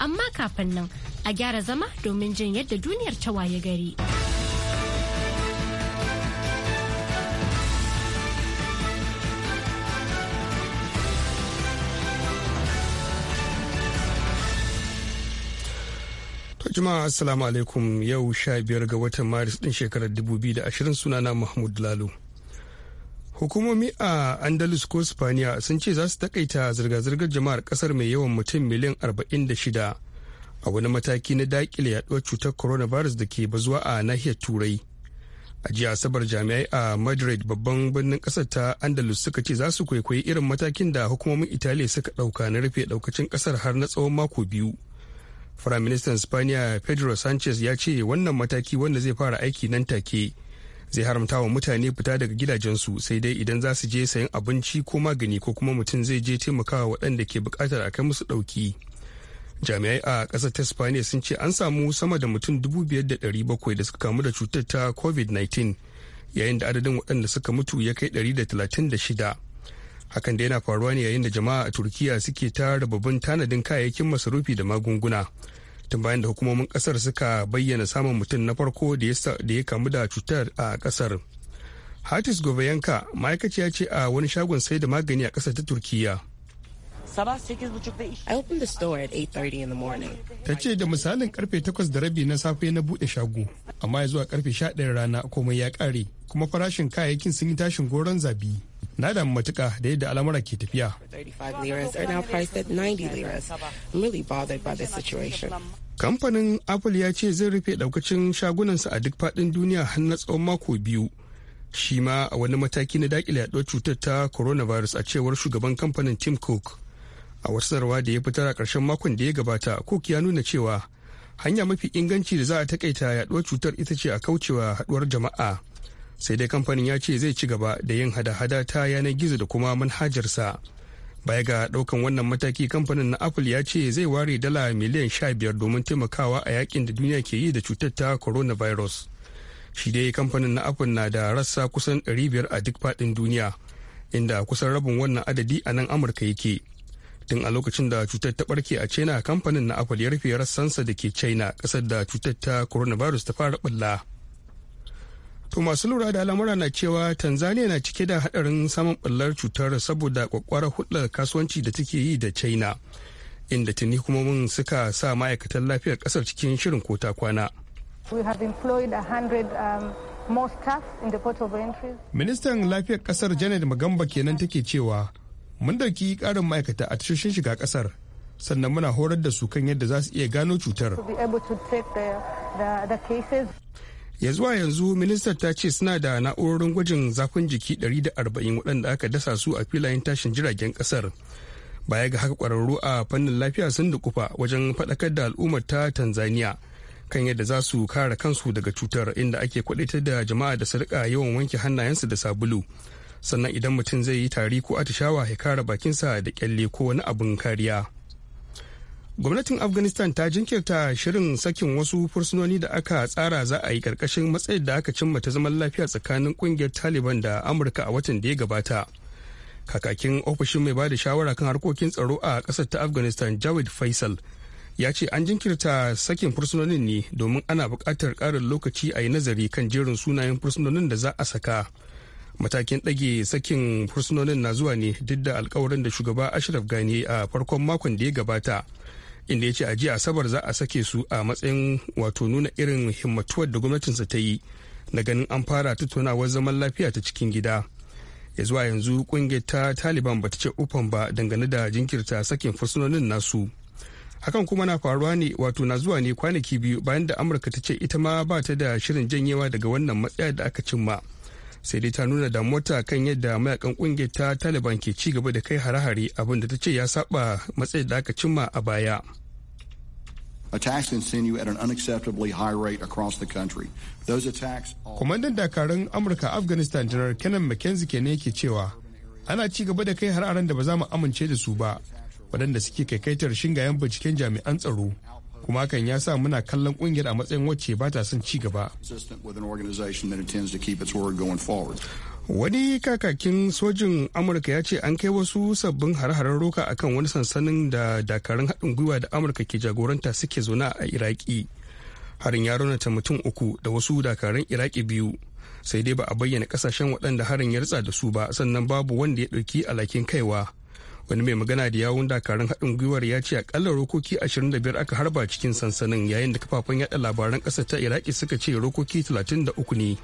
amma kafin nan a gyara zama domin jin yadda duniyar ta waye gari. jama'a assalamu alaikum yau sha biyar ga watan maris din shekarar 2020 sunana mahmud lalu. hukumomi a andalus ko spaniya sun ce za su takaita zirga-zirgar jama'ar kasar mai yawan mutum miliyan 46 a wani mataki na dakile yaduwar cutar coronavirus da ke bazuwa a nahiyar turai a jiya asabar jami'ai a madrid babban birnin kasar ta andalus suka ce za su kwaikwayi irin matakin da hukumomin italiya suka dauka na rufe daukacin kasar har na tsawon mako biyu firaministan spaniya pedro sanchez ya ce wannan mataki wanda zai fara aiki nan take zai haramta wa mutane fita daga gidajensu sai dai idan za su je sayan abinci ko magani ko kuma mutum zai je taimakawa waɗanda ke buƙatar a kai musu ɗauki jami'ai a ƙasar ta spaniya sun ce an samu sama da mutum dubu biyar da bakwai da suka kamu da cutar ta covid-19 yayin da adadin waɗanda suka mutu ya kai da da talatin shida hakan da yana faruwa ne yayin da jama'a a turkiya suke ta rababin tanadin kayayyakin masarufi da magunguna tun bayan da hukumomin kasar suka bayyana samun mutum na farko da ya kamu da cutar a kasar hatis yanka ma'aikaciya ce a wani shagon sai da magani a kasar ta turkiya ta ce da misalin karfe 8 da rabi na safe na bude shago amma ya zuwa karfe 11 rana komai ya kare kuma farashin kayayyakin sun yi tashin goron zabi na damu matuka da yadda al'amura ke tafiya. Kamfanin Apple ya ce zai rufe daukacin shagunansa a duk faɗin duniya har na tsawon mako biyu. Shi ma a wani mataki na dakile yaɗuwar cutar ta coronavirus a cewar shugaban kamfanin Tim Cook. A wasu sanarwa da ya fitar a ƙarshen makon da ya gabata, Cook ya nuna cewa hanya mafi inganci da za a takaita yaɗuwar cutar ita ce a kaucewa haɗuwar jama'a. sai dai kamfanin ya ce zai ci gaba da yin hada-hada ta yanar gizo da kuma manhajarsa baya ga daukan wannan mataki kamfanin na apple ya ce zai ware dala miliyan 15 domin taimakawa a yakin da duniya ke yi da cutar ta coronavirus shi dai kamfanin na apple na da rassa kusan 500 a duk faɗin duniya inda kusan rabin wannan adadi a nan amurka yake tun a lokacin da cutar ta barke a china kamfanin na apple ya rufe rassansa da ke china kasar da cutar ta coronavirus ta fara bulla To masu lura da al'amura na cewa Tanzania na cike da hadarin samun ɓallar cutar saboda kwakwarar hulɗar kasuwanci da take yi da China. Inda tuni mun suka sa ma'aikatan lafiyar kasar cikin shirin kota kwana. Um, Ministan lafiyar kasar Janet Magamba kenan take cewa mun ɗauki ƙarin ma'aikata a tashoshin shiga kasar Sannan muna horar da su kan yadda za su iya gano cutar. ya zuwa yanzu ministar ta ce suna da na'urorin gwajin zafin jiki 140 waɗanda aka dasa su a filayen tashin jiragen ƙasar baya ga haka ƙwararru a fannin lafiya sun dukufa wajen faɗakar da al'ummar ta tanzania kan yadda za su kare kansu daga cutar inda ake kwaɗaitar da jama'a da su yawan wanke hannayensu da sabulu sannan idan mutum zai yi tari ko atishawa ya kare bakinsa da kyalle ko wani abin kariya gwamnatin afghanistan ta jinkirta shirin sakin wasu fursunoni da aka tsara za a yi karkashin matsayin da aka cimma ta zaman lafiya tsakanin kungiyar taliban da amurka a watan da ya gabata kakakin ofishin mai bada shawara kan harkokin tsaro a kasar ta afghanistan jawed faisal ya ce an jinkirta sakin fursunonin ne domin ana buƙatar ƙarin lokaci a yi nazari kan jerin sunayen fursunonin da za a saka matakin ɗage sakin fursunonin na zuwa ne duk da alkawarin da shugaba ashraf gani a farkon makon da ya gabata inda ya ce a jiya asabar za a sake su a matsayin wato nuna irin himmatuwar da gwamnatinsa ta yi na ganin an fara tattaunawar zaman lafiya ta cikin gida ya zuwa yanzu kungiyar ta taliban ba ta ce ufan ba dangane da jinkirta sakin fursunonin nasu hakan kuma na faruwa ne wato na zuwa ne kwanaki biyu bayan da amurka ta ce ita ma ba ta da shirin janyewa daga wannan matsaya da aka cimma. sai dai ta nuna da mota kan yadda mayakan kungiyar ta taliban ke ci gaba da kai hare-hare abinda ta ce ya saba matsayin da aka cimma a baya Kwamandan dakarun Amurka Afghanistan Janar Kenan McKenzie kenan yake cewa ana ci gaba da kai hararen da ba za mu amince da su ba waɗanda suke kaikaitar shingayen binciken jami'an tsaro kuma hakan ya sa muna kallon kungiyar a matsayin wacce ba ta son ci gaba wani kakakin sojin amurka ya ce an kai wasu sabbin har-haren roka akan wani sansanin da dakarun haɗin gwiwa da amurka ke jagoranta suke zuna a iraki harin ya raunata mutum uku da wasu dakarun iraki biyu sai dai ba a bayyana kasashen waɗanda harin ya ritsa da su ba sannan babu wanda ya ɗauki alakin kaiwa wani mai magana da yawun dakarun haɗin gwiwar ya ce akalla rokoki 25 aka harba cikin sansanin yayin da kafafen yada labaran ƙasa ta iraki suka ce rokoki 33 ne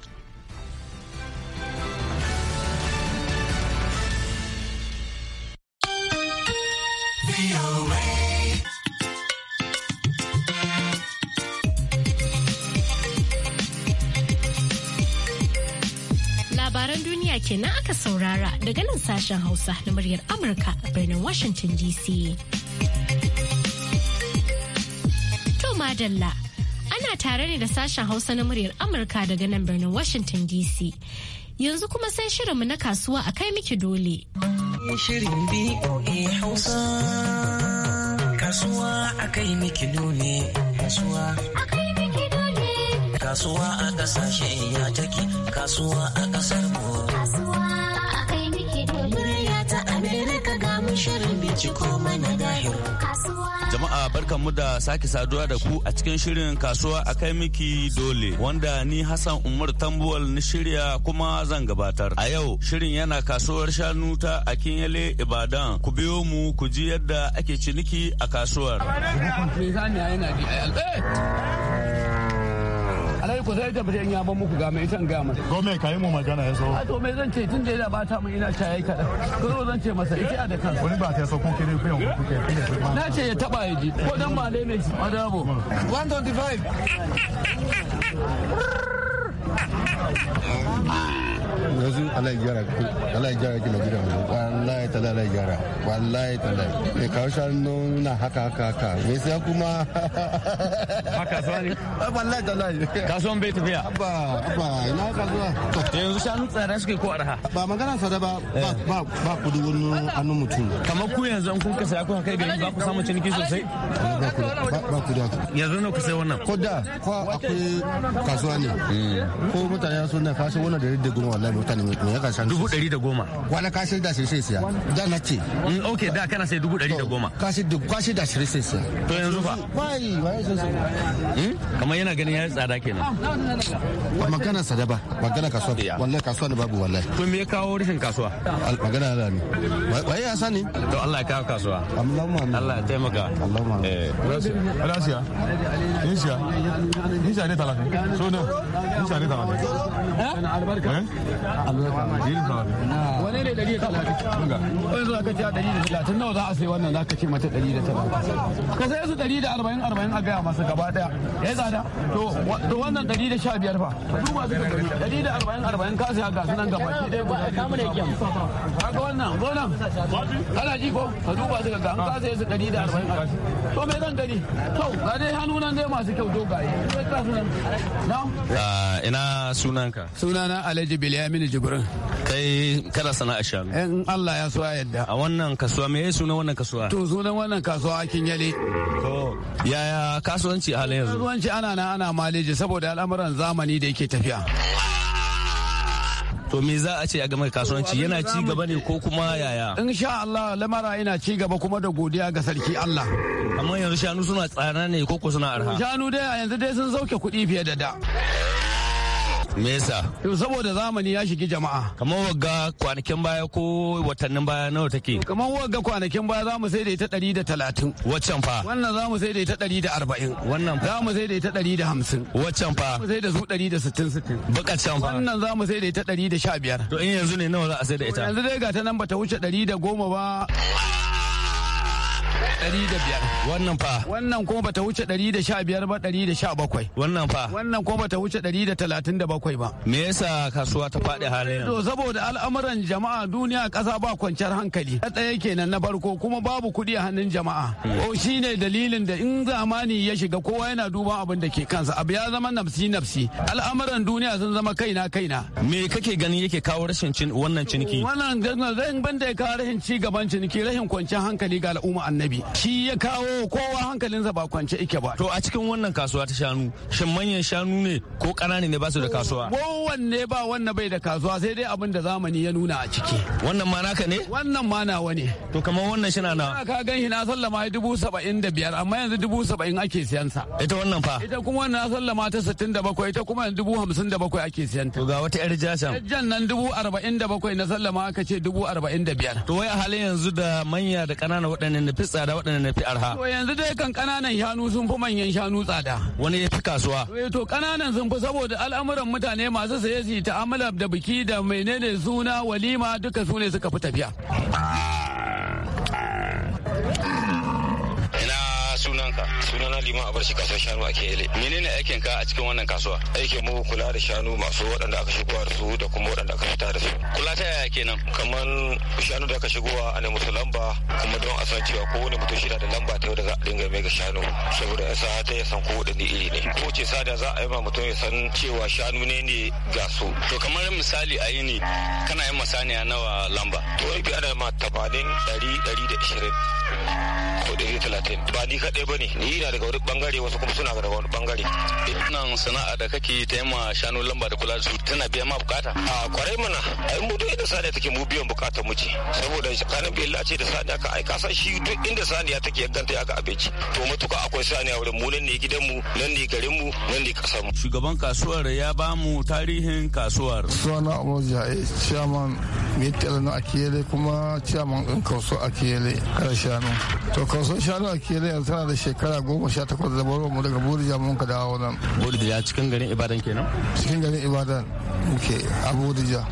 kenan aka saurara daga nan sashen Hausa na muryar Amurka a birnin Washington DC. To madalla ana tare ne da sashen Hausa na muryar Amurka daga nan birnin Washington DC. Yanzu kuma sai shirinmu na kasuwa a kai miki dole. Shirin BOA Hausa kasuwa a kai miki dole kasuwa kasuwa a kasashe ya take kasuwa a kasar mu kasuwa a kai nake murya ta amerika ga mu shirin binciko mana gahiro jama'a barkanmu da sake saduwa da ku a cikin shirin kasuwa a kai miki dole wanda ni hassan umar tambuwal ni shirya kuma zan gabatar a yau shirin yana kasuwar shanu ta akinyele ibadan ku biyo mu ku ji yadda ake ciniki a kasuwar alai ku sai fita in ya ban muku ga mai ita in ga mai. ko me kai mu magana ya so ah, to me zan ce tun da ya bata mun ina shaye kada ko zo zan ce masa ita da kansa wani ba ta so ko kire ku yan ku ke na ce ya taba ya ji ko dan ba ne mai madabo 125 yanzu ana gyara ki na gidan wallahi ta dalai gara wallahi ta dalai mai kawo shanu na haka haka haka mai siya kuma haka zuwa wallahi ta dalai kasuwan bai tafiya abba abba ina kasuwa yanzu shanu tsada suke ko arha ba magana sada ba ba eh. ba kudi wani hannun mutum kamar ku yanzu an kun kasa ya kun kai gari ba ku samun ciniki sosai ba ku da kudi haka yanzu nawa ka wannan ko da ko akwai kasuwa ne hmm. ko mutane sun na kashe wannan da da goma wallahi mutane ne ya kashe dubu dari da goma wani kashe da shirin sai siya da na ce hmm, ok da kana sai dubu dari da goma kashe da kashe da shirin sai siya to yanzu fa wai wai hmm? kamar yana ganin ya tsada kenan ba magana sada ba magana kasuwa wallahi kasuwa ne babu wallahi to me ya kawo rashin kasuwa magana da ne wai ya sani to Allah ya kawo kasuwa Allahumma Allah ya taimaka Allahumma na siya in siya in so ne talatin so no in siya ne talatin ne wane ne dari talatin kunga wani zuwa kace dari da talatin nawa za a sai wannan za ka ce mata dari da talatin ka sai su dari da arba'in arba'in a gaya masu gaba daya ya yi tsada to wannan dari da sha biyar fa su dari da arba'in arba'in ka siya ga nan gaba ki ɗaya guda biyu kaga wannan gonan ana ji ko ka duba su ga an ka sai su dari da arba'in to me zan gani to ga dai hannunan dai masu kyau dogaye ah, ina sunanka sunana alhaji bilyamin jibrin kai sana a shanu eh, in allah ya so ya yadda a wannan kasuwa me sunan wannan kasuwa to sunan wannan kasuwa akin yale to yaya kasuwanci halin yanzu kasuwanci ana na ana maleji saboda al'amuran zamani da yake tafiya to me za a ce a game da kasuwanci yana ci gaba ne ko kuma yaya in sha Allah lamara yana ci gaba kuma da godiya ga sarki Allah amma yanzu shanu suna tsana ne ko ko suna arha shanu dai yanzu dai sun sauke kuɗi fiye da da me yasa to saboda zamani ya shigi jama'a kamar wagga kwanakin baya ko watannin baya nawa take kamar wagga kwanakin baya zamu sai da ita 130 waccan fa wannan zamu sai da ita 140 wannan fa zamu sai da ita 150 waccan fa sai da su 160 sittin. bakaccan fa wannan zamu sai da ita 115 to in yanzu ne nawa za a sai da ita yanzu dai ga ta nan bata wuce 110 ba biyar wannan fa wannan kuma bata wuce 115 ba 117 wannan fa wannan kuma bata wuce 137 ba me yasa kasuwa ta faɗi halin to saboda al'amuran jama'a duniya ƙasa ba kwanciyar hankali ta tsaye kenan na farko kuma babu kuɗi a hannun jama'a ko hmm. shine dalilin da in zamani ya shiga kowa yana duban abin da ke kansa abu ya zama nafsi nafsi al'amuran duniya sun zama kaina kaina me kake ganin yake kawo rashin cin wannan ciniki wannan zan banda ya kawo rashin ci gaban ciniki rashin kwanciyar hankali ga al'umma annabi shi ya kawo kowa hankalinsa ba kwance ike ba to a cikin wannan kasuwa ta shanu shin manyan shanu ne ko ƙanane ne ba su da kasuwa kowanne ba wannan bai da kasuwa sai dai abin da zamani ya nuna a ciki wannan ma naka ne wannan ma nawa ne to kamar wannan shi na na ka gan shi na sallama dubu saba'in da biyar amma yanzu dubu saba'in ake siyan sa ita wannan fa ita kuma wannan na sallama ta sittin da bakwai ita kuma dubu hamsin da bakwai ake siyan ta to ga wata yar jasan jan nan dubu arba'in da bakwai na sallama aka ce dubu arba'in da biyar to wai a halin yanzu da manya da ƙanana waɗannan na fi tsada waɗanda na fi arha. To yanzu dai kan ƙananan shanu sun fi manyan shanu tsada. Wani ya fi kasuwa. Eh, to ƙananan sun fi saboda al'amuran mutane masu saye su ta'amala da biki da menene suna walima duka su ne suka fi tafiya. Ah. sunanka sunana liman abarshi kasuwar shanu a kele menene aikin ka a cikin wannan kasuwa aikin mu kula da shanu masu waɗanda aka shigowa da su da kuma waɗanda aka fita da su kula ta yaya kenan kamar shanu da aka shigowa a ne musu lamba kuma don a san cewa kowane mutum shi da lamba ta yau da za a dinga mai ga shanu saboda yasa ta ya san kowane iri ne ko ce sada za a yi ma mutum ya san cewa shanu ne ne ga su to kamar misali a yi ne kana yin masaniya nawa lamba to wani biya da ma tabanin ɗari ɗari da ishirin ko ɗari talatin ba ni kaɗai ɗaya bane ni na daga wani bangare wasu kuma suna daga wani bangare wannan sana'a da kake ta yamma shanu lamba da kula da su tana biya ma bukata a kwarai mana a yi duk inda saniya take mu biyan bukatar mu saboda tsakanin bai lace da saniya ka aika ka san shi duk inda saniya take ganta ya ga abinci to mutuka akwai saniya wurin mu nan ne gidan mu nan ne garin mu nan ne kasar mu shugaban kasuwar ya ba mu tarihin kasuwar suna Abdul Jai chairman Mittal na Akiyele kuma chairman din kasuwar Akiyele kar shanu to kasuwar shanu Akiyele yanzu tana da shekara goma sha takwas da baro mu daga Burja mun ka dawo nan Burja cikin garin Ibadan kenan cikin garin Ibadan muke abu dija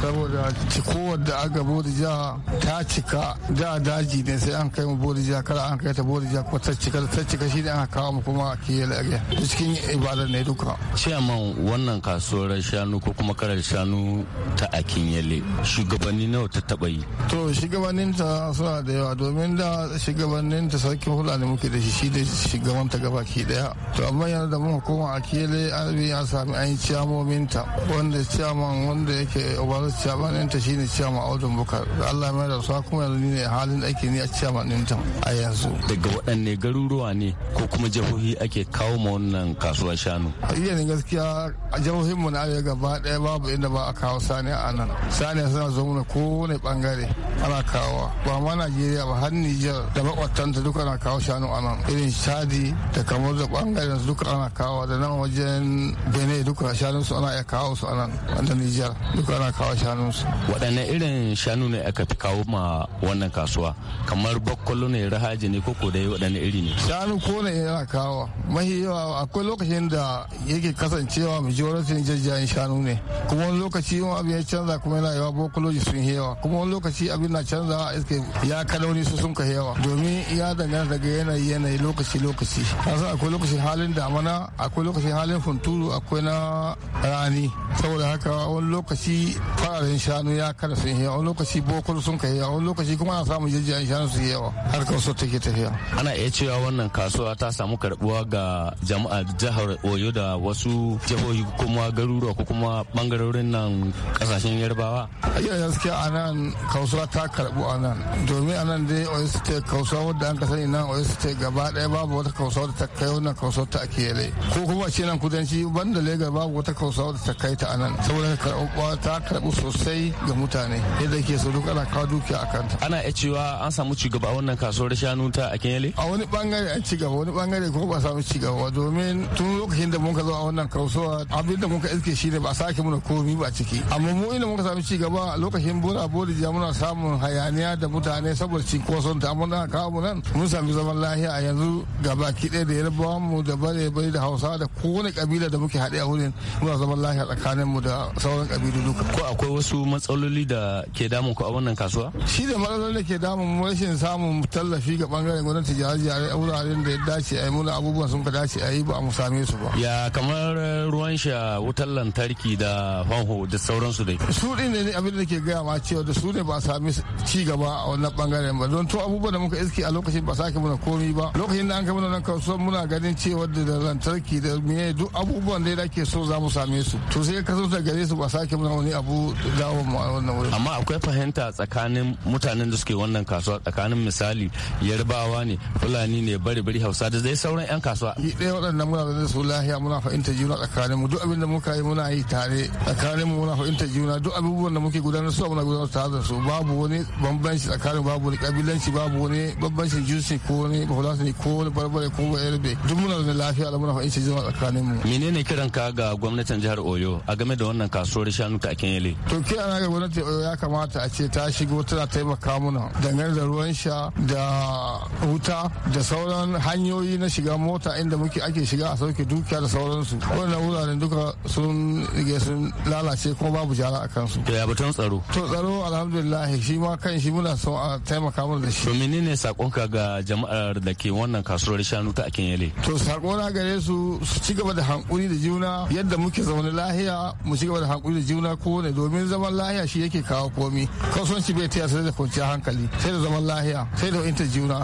saboda cikowar da aka bodija ta cika da daji ne sai an kai mu bodija kar an kai ta bodija ko ta cika ta cika shi ne an kawo mu kuma ke area cikin ibadar ne duka ciyaman wannan kasuwar shanu ko kuma karar shanu ta yale shugabanni nawa ta taba yi to shugabannin ta suna da yawa domin da shugabannin ta sarkin fulani muke da shi shi da shugaban ta gaba ki daya to amma yanzu da muka koma akiyele an an sami an yi ciyamomin ta wanda ciyaman wanda yake obanu chairman ta shine chairman audun bukar allah mai da suwa kuma yanzu ne halin aiki ne a chairman ta a yanzu daga waɗanne garuruwa ne ko kuma jihohi ake kawo ma wannan kasuwa shanu iya ne gaskiya a jihohin mu na arewa gaba ɗaya babu inda ba a kawo sani a nan sani suna zo mana kowane bangare ana kawo ba ma najeriya ba har nijar da makwatanta duka na kawo shanu a nan irin shadi da kamar da bangaren su duka ana kawo da nan wajen benin duka shanu su ana iya kawo su a nan wanda nijar duka ana kawo shanunsu waɗanne irin shanu ne aka fi kawo ma wannan kasuwa kamar bakwalo ne rahaji ne koko dai waɗanne iri ne shanu ko ne yana kawo mahi yawa akwai lokacin da yake kasancewa majoratin jajjayen shanu ne kuma wani lokaci yin abin ya canza kuma yana yawa bokoloji sun yawa kuma wani lokaci abin na canza iske ya kalauni su sun ka yawa domin ya dangana daga yanayi yanayi lokaci lokaci kasa akwai lokacin halin damana akwai lokacin halin hunturu akwai na rani saboda haka wani lokaci fararen shanu ya kada sun yawa lokaci bokul sun kai yawa lokaci kuma ana samun jajjayen shanu su yawa harkar so take tafiya ana iya cewa wannan kasuwa ta samu karbuwa ga jama'a jihar oyo da wasu jihohi kuma garuruwa ko kuma bangarorin nan kasashen yarbawa a yi gaskiya a nan kasuwa ta karbu a nan domin a nan dai oyo state kasuwa wadda an kasani nan oyo state gaba daya babu wata kasuwa da ta kai wannan kasuwa ta akiyele ko kuma ce nan kudanci banda lagos babu wata kasuwa da ta kai ta a nan saboda karbuwa ta ta karɓi sosai ga mutane yadda ke so duk ana kawo dukiya a kanta. Ana iya cewa an samu cigaba wannan kasuwar shanu ta a Kenyale? A wani bangare an cigaba wani bangare ko ba samu cigaba domin tun lokacin da muka zo a wannan kasuwa abin da muka iske shi ne ba sake muna komi ba ciki. Amma mu inda muka samu cigaba lokacin bora bodija muna samun hayaniya da mutane saboda cinkoson ta amma kawo mu nan mun sami zaman lahiya a yanzu ga baki ɗaya da yarbawa mu da bare bai da hausa da kowane kabila da muke haɗe a wurin muna zaman lahiya tsakanin mu da sauran kabilu duka. ko akwai wasu matsaloli da ke damun ku a wannan kasuwa shi da matsaloli da ke damun rashin samun tallafi ga bangaren gwamnati jihar a wuraren da ya dace a yi muna abubuwan sun ka dace a yi ba mu same su ba ya kamar ruwan sha wutar lantarki da fanho da sauransu dai su din ne abin da ke gaya ma cewa da su ne ba sami ci gaba a wannan bangaren ba don to abubuwan da muka iske a lokacin ba sake muna komi ba lokacin da an kai muna nan kasuwar muna ganin cewa da lantarki da miye duk abubuwan da ya dake so za mu same su to sai ka zo gare su ba sake muna wani abu dawo mu a wannan wurin amma akwai fahimta tsakanin mutanen da suke wannan kasuwa tsakanin misali yarbawa ne fulani ne bari bari hausa da zai sauran yan kasuwa ni ɗaya waɗannan muna da su lahiya muna fahimta juna tsakanin mu duk abin da muka yi muna yi tare tsakanin mu muna fahimta juna duk abubuwan da muke gudanar su muna gudanar tare da su babu wani bambanci tsakanin babu wani kabilanci babu wani bambancin jinsi ko wani ne ko wani barbare ko wani yarbe duk muna da lafiya da muna fahimta juna tsakanin mu menene kiran ka ga gwamnatin jihar Oyo a game da wannan kasuwar shanu ta bakin yale. To ke ana ga gwamnati eh, ya kamata a ce ta shigo tana taimaka muna dangane da ruwan sha da wuta da sauran hanyoyi na shiga mota inda muke ake shiga a sauke dukiya da sauransu. Wannan wuraren duka sun rige sun lalace kuma babu jara a kansu. To ya batun tsaro? To tsaro alhamdulillah shi ma kan shi muna son a taimaka mana da shi. To menene sakonka ga jama'ar da ke wannan kasuwar shanu ta akin yale? To sakona gare su su ci gaba da hankuri da juna yadda muke zaune lahiya mu ci gaba da hankuri da juna kowane domin zaman lahiya shi yake kawo komi kasuwanci bai taya sai da kwanciyar hankali sai da zaman lahiya sai da wa'inta juna.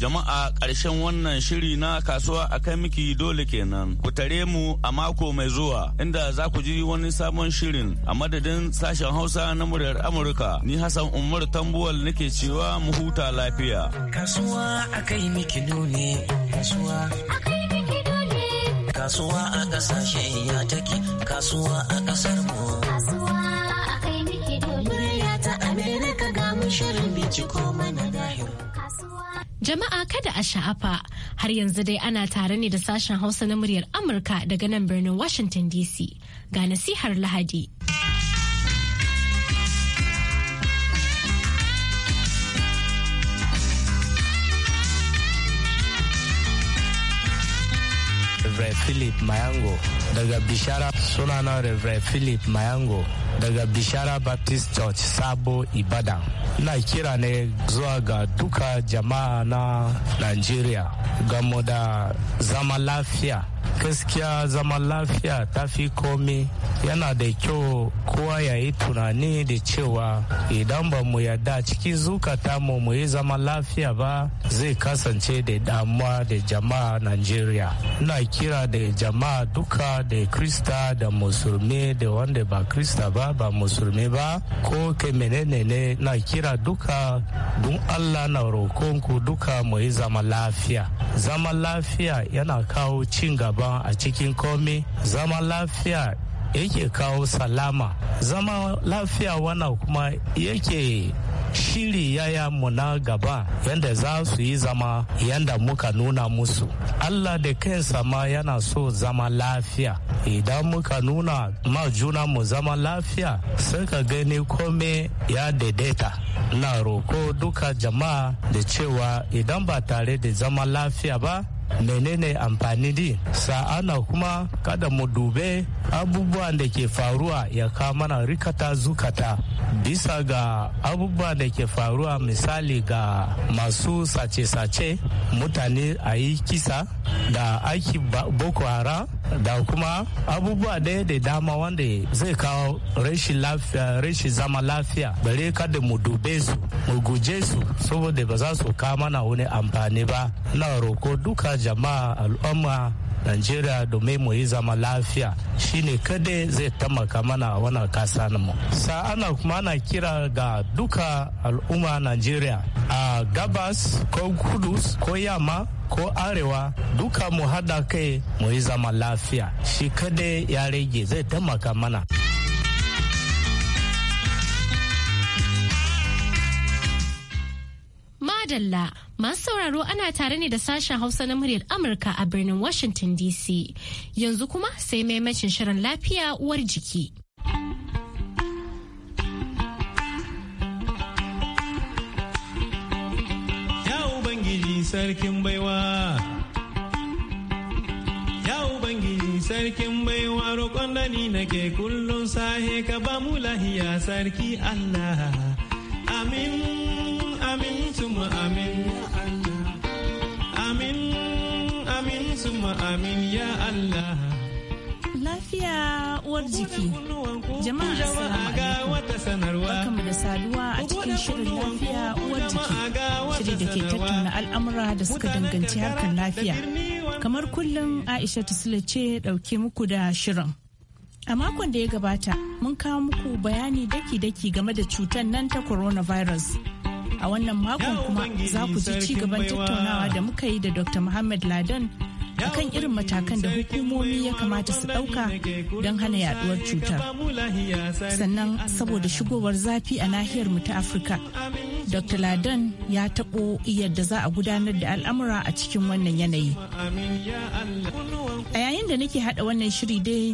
jama'a ƙarshen wannan shiri na kasuwa a kai miki dole kenan ku tare mu a mako mai zuwa inda za ku ji wani sabon shirin a madadin sashen hausa na muryar amurka ni hassan umar tambuwal nake cewa mu huta lafiya kasuwa a kai miki dole kasuwa kasuwa a kasashe ya take kasuwa a kasar mu kasuwa a kai miki dole ta ga mu shirin binciko mana Jama'a kada a sha'afa har yanzu dai ana tare ne da sashen Hausa na muryar Amurka daga nan birnin Washington DC ga nasihar Lahadi. Reverend Philip Mayango daga Bishara sunana Reverend Philip Mayango daga Bishara Baptist Church Sabo Ibadan. Ina kira ne zuwa ga duka jama'a na Najeriya gamo da zama lafiya gaskiya zaman lafiya ta fi komi yana da kyau kowa ya yi tunani da cewa idan ba mu yarda cikin zukata mu mu yi lafiya ba zai kasance da damuwa da jama'a Najeriya. Ina kira da jama'a duka da Krista da Musulmi da wanda ba Krista ba ba Musulmi ba ko kemenene ne na kira duka don Allah na ku duka mu yi zaman lafiya. Zaman lafiya yana kawo cin gaba a cikin komai zama lafiya yake kawo salama zama lafiya wana kuma yake shiri yaya mu na gaba yadda za su yi zama yadda muka nuna musu allah da kansa ma yana so zama lafiya idan muka nuna ma juna mu zama lafiya sai ka gani kome ya daidaita na roko duka jama'a da cewa idan ba tare da zama lafiya ba menene amfani di sa'ana kuma kada mu dube abubuwan da ke faruwa ya kamana mana rikata zukata bisa ga abubuwan da ke faruwa misali ga masu sace-sace mutane a yi kisa da aiki boko haram da kuma abubuwa ɗaya da dama wanda zai kawo rashin lafiya rashin zama lafiya bare kada mu dube su mu guje su saboda ba za su kawo mana wani amfani ba na roko duka jama'a al'umma Najeriya domin mu yi zama lafiya shine kada zai taimaka mana a wannan kasa mu. Sa'ana kuma ana kira ga duka al'umma Najeriya a gabas ko kudus ko yamma ko arewa duka mu hada kai mu yi zama lafiya shi kada ya rage zai taimaka mana. Madalla masu sauraro ana tare ne da sashen Hausa na muryar Amurka a birnin Washington DC. Yanzu kuma sai maimacin shirin lafiya uwar jiki. sarkin baiwa. Ya Ubangiji sarkin baiwa roƙon da ni nake kullum sahe ka ba mu lahiya sarki Allah. Amin, amin, tuma amin. Amin, amin, tuma amin ya Allah. uwar jiki. Jama'a Barkamu da saduwa a cikin shirin lafiya uwar jiki. shirin da ke tattauna al'amura da suka danganci harkar lafiya. Kamar kullum Aisha Tusula ce dauke muku da shirin. A makon da ya gabata, mun kawo muku bayani daki-daki game da cutar nan ta coronavirus. A wannan makon kuma za ku ji ci gaban tattaunawa da muka yi da Dr. Muhammad Ladan akan irin matakan da hukumomi ya kamata su ɗauka don hana yaduwar cutar. Sannan saboda shigowar zafi a nahiyar mu ta Afirka, Dr. Ladan ya taɓo yadda za a gudanar da al'amura a cikin wannan yanayi. A yayin da nake haɗa wannan shiri dai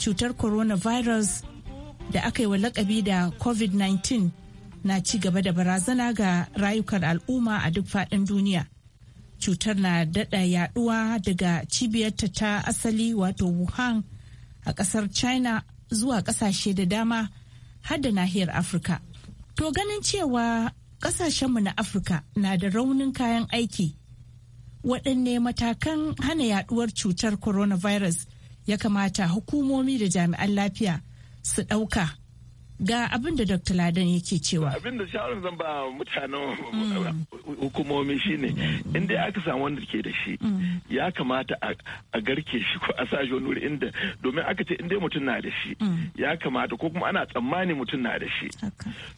cutar coronavirus da aka yi wa lakabi da COVID-19 na ci gaba da barazana ga rayukan al'umma a duk faɗin duniya. cutar na dada yaduwa daga cibiyarta ta asali wato wuhan a ƙasar china zuwa ƙasashe da dama har da nahiyar afirka to ganin cewa ƙasashenmu na afirka na da raunin kayan aiki waɗanne matakan hana yaduwar cutar coronavirus ya kamata hukumomi da jami'an lafiya su ɗauka ga abin da dr ladan yake cewa abin da shawarar zan ba mutanen hukumomi shine in dai aka samu wanda ke da shi ya kamata a garke shi ko a sashi wani wuri inda domin aka ce in dai mutum na da shi ya kamata ko kuma ana tsammani mutum na da shi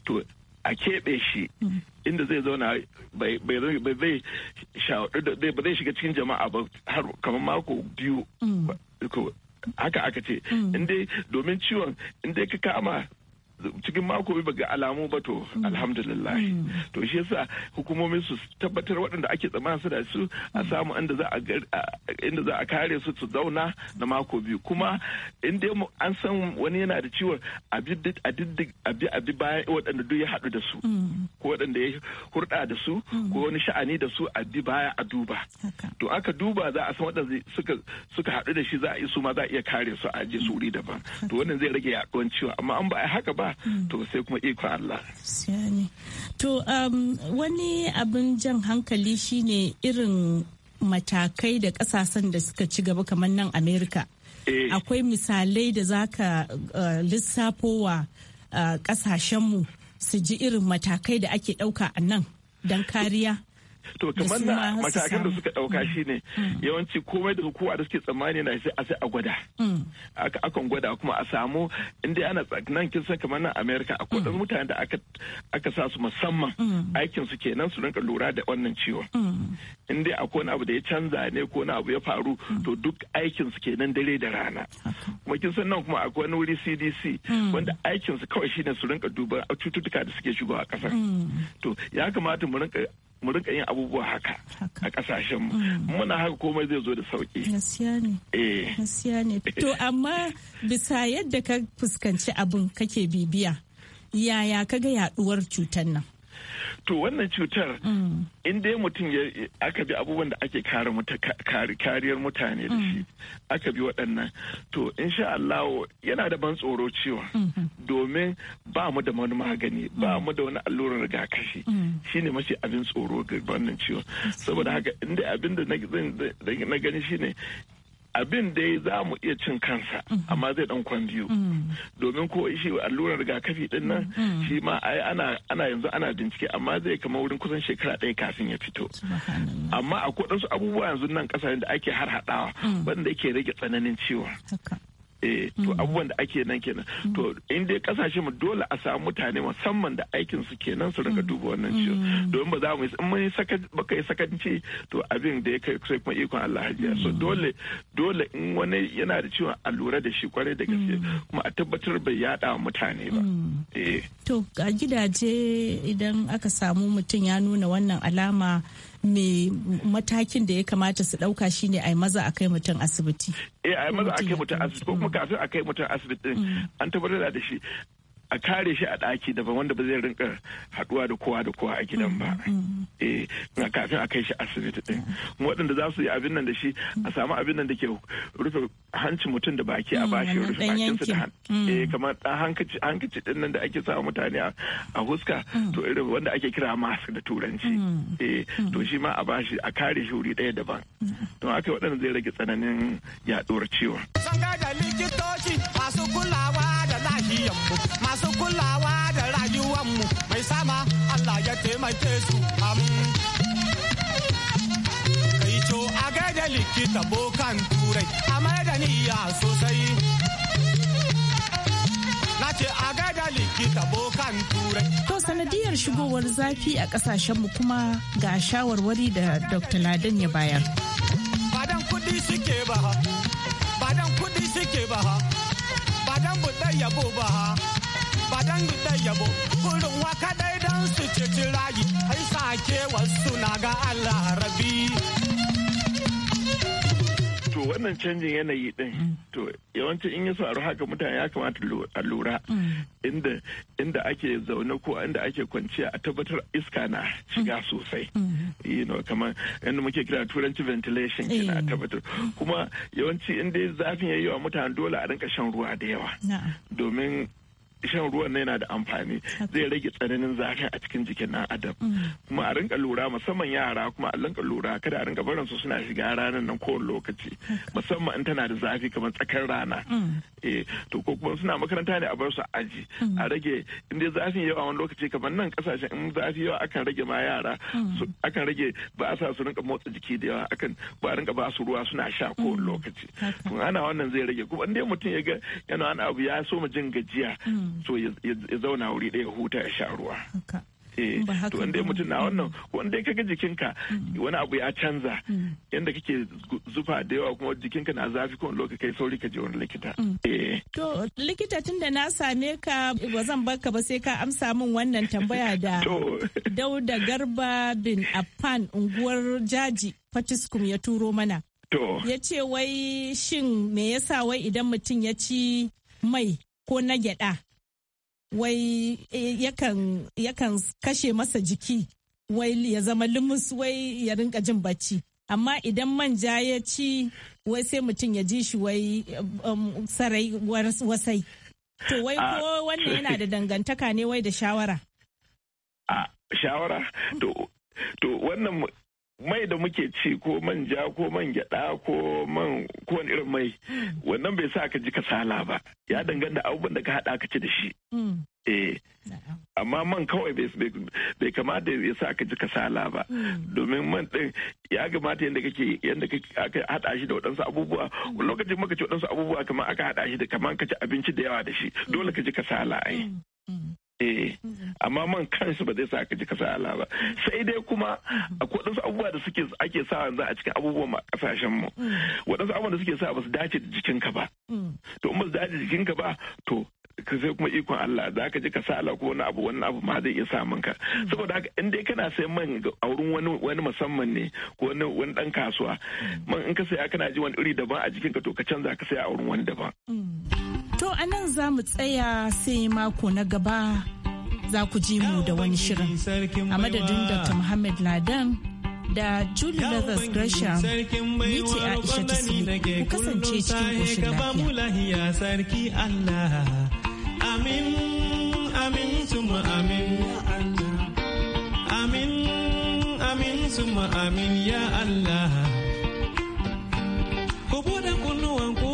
to a keɓe shi inda zai zauna bai zai ba zai shiga cikin jama'a ba har kamar mako biyu mm. haka aka ce mm. in dai domin ciwon in dai ka kama cikin mako ba ga alamu ba to mm. alhamdulillah mm. to shi yasa hukumomi su tabbatar waɗanda ake tsammanin su da su a mm. samu inda za a inda za a kare su su zauna na mako biyu kuma in dai an san wani yana da ciwon a bi a bayan waɗanda duk ya haɗu da su ko waɗanda ya hurɗa da su ko wani sha'ani da su a baya a duba to aka duba za a san waɗanda suka suka haɗu da shi za a yi su ma za a iya kare su a je su wuri daban to wannan zai rage yaɗuwan ciwon amma an ba a haka ba Mm. to sai kuma iko Allah. To um, wani abin jan hankali shine irin matakai da kasashen da suka ci gaba kamar nan Amerika. Eh. Akwai misalai da za ka uh, lissafowa kasashenmu uh, su ji irin matakai da ake ɗauka a nan don kariya. to kamar na matakan da suka dauka mm. shine mm. yawanci komai daga kowa da suke tsammani na sai a sai a gwada mm. akan gwada kuma a samu inda ana nan kin san kamar na America akwai dan mutanen da aka aka sa su musamman aikin su kenan su rinka lura da wannan ciwon in dai akwai wani abu da ya canza ne ko wani abu ya faru to duk aikin su kenan dare da rana kuma kin san nan kuma akwai wani wuri CDC wanda aikin su kawai shine su rinka duba cututtuka da suke shigowa a kasar to ya kamata mu rinka mu rika yin abubuwa haka a kasashen mu mm. muna haka komai zai zo da sauki gaskiya ne eh. to amma bisa yadda ka fuskanci abin kake bibiya yaya kaga yaduwar cutar nan to wannan cutar mm. in dai mutum ya aka bi abubuwan da ake kariyar mutane da shi mm. aka bi waɗannan to in sha Allah yana da ban tsoro cewa mm-hmm. domin ba mu da wani magani ba mm. mu da wani allurar rigakafi shine mace abin tsoro ga wannan ciwon saboda haka inda abin da na gani shine abin dai za mu iya cin kansa mhm. amma zai dan kwan biyu mhm. domin ko shi allurar rigakafi din nan mhm. shi ma ana yanzu ana bincike amma zai kama wurin kusan shekara ɗaya kafin ya fito amma akwai ɗansu abubuwa yanzu nan kasashen da ake har haɗawa wanda yake rage tsananin ciwon Eh, to mm. abubuwan da ake nan kenan mm. to in dai kasashe mu dole a samu mutane musamman da aikin su kenan su rinka mm. duba wannan ciwo domin ba za mu in mun saka baka sakanci to abin da ya kai sai kuma ikon Allah hajiya so dole dole in wani yana da ciwon a lura da shi kwarai da gaske kuma a tabbatar bai yada mutane ba eh. to a gidaje idan aka samu mutum ya nuna wannan alama me matakin da ya kamata su dauka shine ai maza a kai mutum asibiti eh ai maza a kai mutum asibiti ko kuma mm. kafin a kai mutum asibiti mm. an tabbatar da shi a kare shi a ɗaki daban wanda ba zai rinka haɗuwa da kowa da kowa a gidan ba mm, mm, mm. eh kafin a kai shi asibiti din waɗanda za su yi abin nan da shi a samu abin nan da ke rufe hancin mutum da baki a bashi rufe bakinsa da eh kamar ɗan hankaci din nan da ake sa mutane a huska to irin wanda ake kira mask da turanci eh to shi ma a bashi a kare shi wuri ɗaya daban don haka waɗanda zai rage tsananin yaɗuwar ciwon. Sun masu kulawa da rayuwar mu mai sama Allah ya taimake su kai co a gaida likita bokan turai a da niyya sosai na ce a gaida likita bokan turai to sanadiyar shigowar zafi a kasashenmu kuma ga shawarwari da dr ladan ya bayar badan kudi suke ba badan kudi suke ba dan mu dai yabo ba ba dan mu dai yabo kurin waka dai dan su ci rayi ai sake wasu na ga Allah rabi to wannan canjin yanayi din mm. to yawanci in ya faru haka mutane ya kamata a lura mm. inda ake zaune ko inda ake kwanciya a tabbatar iska na shiga mm. sosai you know kamar inda muke kira turanci ventilation kina eh. tabbatar kuma yawanci inda zafin yayi wa mutane dole a rinka shan ruwa da yawa domin shan ruwan na yana da amfani zai rage tsananin zafin a cikin jikin ɗan adam mm. kuma a rinka lura musamman yara kuma a rinka lura kada a rinka barin su suna shiga ranar nan kowane lokaci musamman in tana da zafi kamar tsakar rana mm. eh to ko kuma suna makaranta ne a bar su aji mm. a rage in dai zafin yawa wani lokaci kamar nan kasashen in zafi yawa akan rage ma yara akan rage ba a sa su rinka motsa jiki da yawa akan ba a rinka ba su ruwa suna sha kowane lokaci to ana wannan zai rage kuma in dai mutum ya ga yana wani abu ya so mu jin gajiya so ya zauna wuri ɗaya huta ya sha ruwa eh, to wanda ya mutum na wannan wanda ya kaga jikinka mm. wani abu ya canza mm. yadda kake zufa da yawa kuma jikinka na zafi kuma lokaci kai sauri ka je wani likita. Mm. Eh. To likita tun da na same ka eh, ba zan ka ba sai ka amsa min wannan tambaya da Dauda Garba bin afan unguwar Jaji Fatiskum ya turo mana. Ya ce wai shin me yasa wai idan mutum ya ci mai ko na gyada wai eh, yakan kashe masa jiki wai ya zama lumus wai ya rinka jin bacci amma idan manja ya ci wai sai mutum ya ji shi wai um, sarai wasai to wai ah. ko wannan yana da dangantaka ne wai da shawara a ah, shawara to wannan mai da muke ci ko man ja ko man gyada ko man ko wani irin mai wannan bai sa ka ji kasala ba ya danganta abubuwan da ka hada ka ci da shi hmm. eh amma man kawai bai kamata ya sa ka ji kasala ba hmm. domin man din ya gamata yadda kake yadda aka hada shi da waɗansu abubuwa hmm. lokacin maka ci waɗansu abubuwa kamar aka hada shi da kamar ka ci abinci da yawa da shi dole ka ji kasala ai Eh, amma man kansu ba zai sa ka ji kasa ala ba sai dai kuma a kudin abubuwa da suke ake sa yanzu a cikin abubuwan ma kasashen mu wadansu abubuwan da suke sa ba su dace da jikinka ba to in ba su dace da jikinka ba to ka sai kuma ikon Allah za ka ji ka sa ko wani abu wani abu ma zai iya samun ka saboda haka in dai kana sai man a wurin wani wani musamman ne ko wani wani dan kasuwa man in ka saya kana ji wani iri daban a jikinka to ka canza ka saya a wurin wani daban To a nan za mu tsaya sai mako na gaba za ku ji mu da wani shirin. A madadin Dr. Muhammad Ladan da Julie Leathers Gresham ni ce isha ta ku kasance cikin koshin lafiya. Amin, amin, suma amin, amin, amin, suma amin, ya Allah. Ku buɗe ku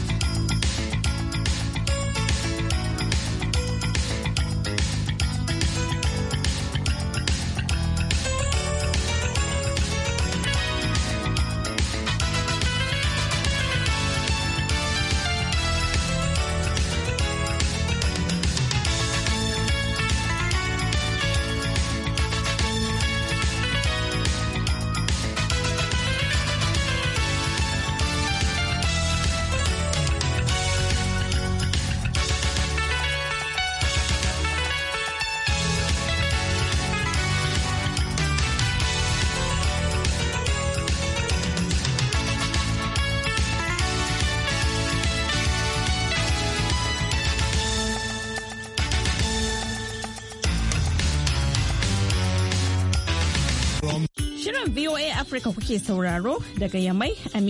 Africa kuke sauraro daga Yamai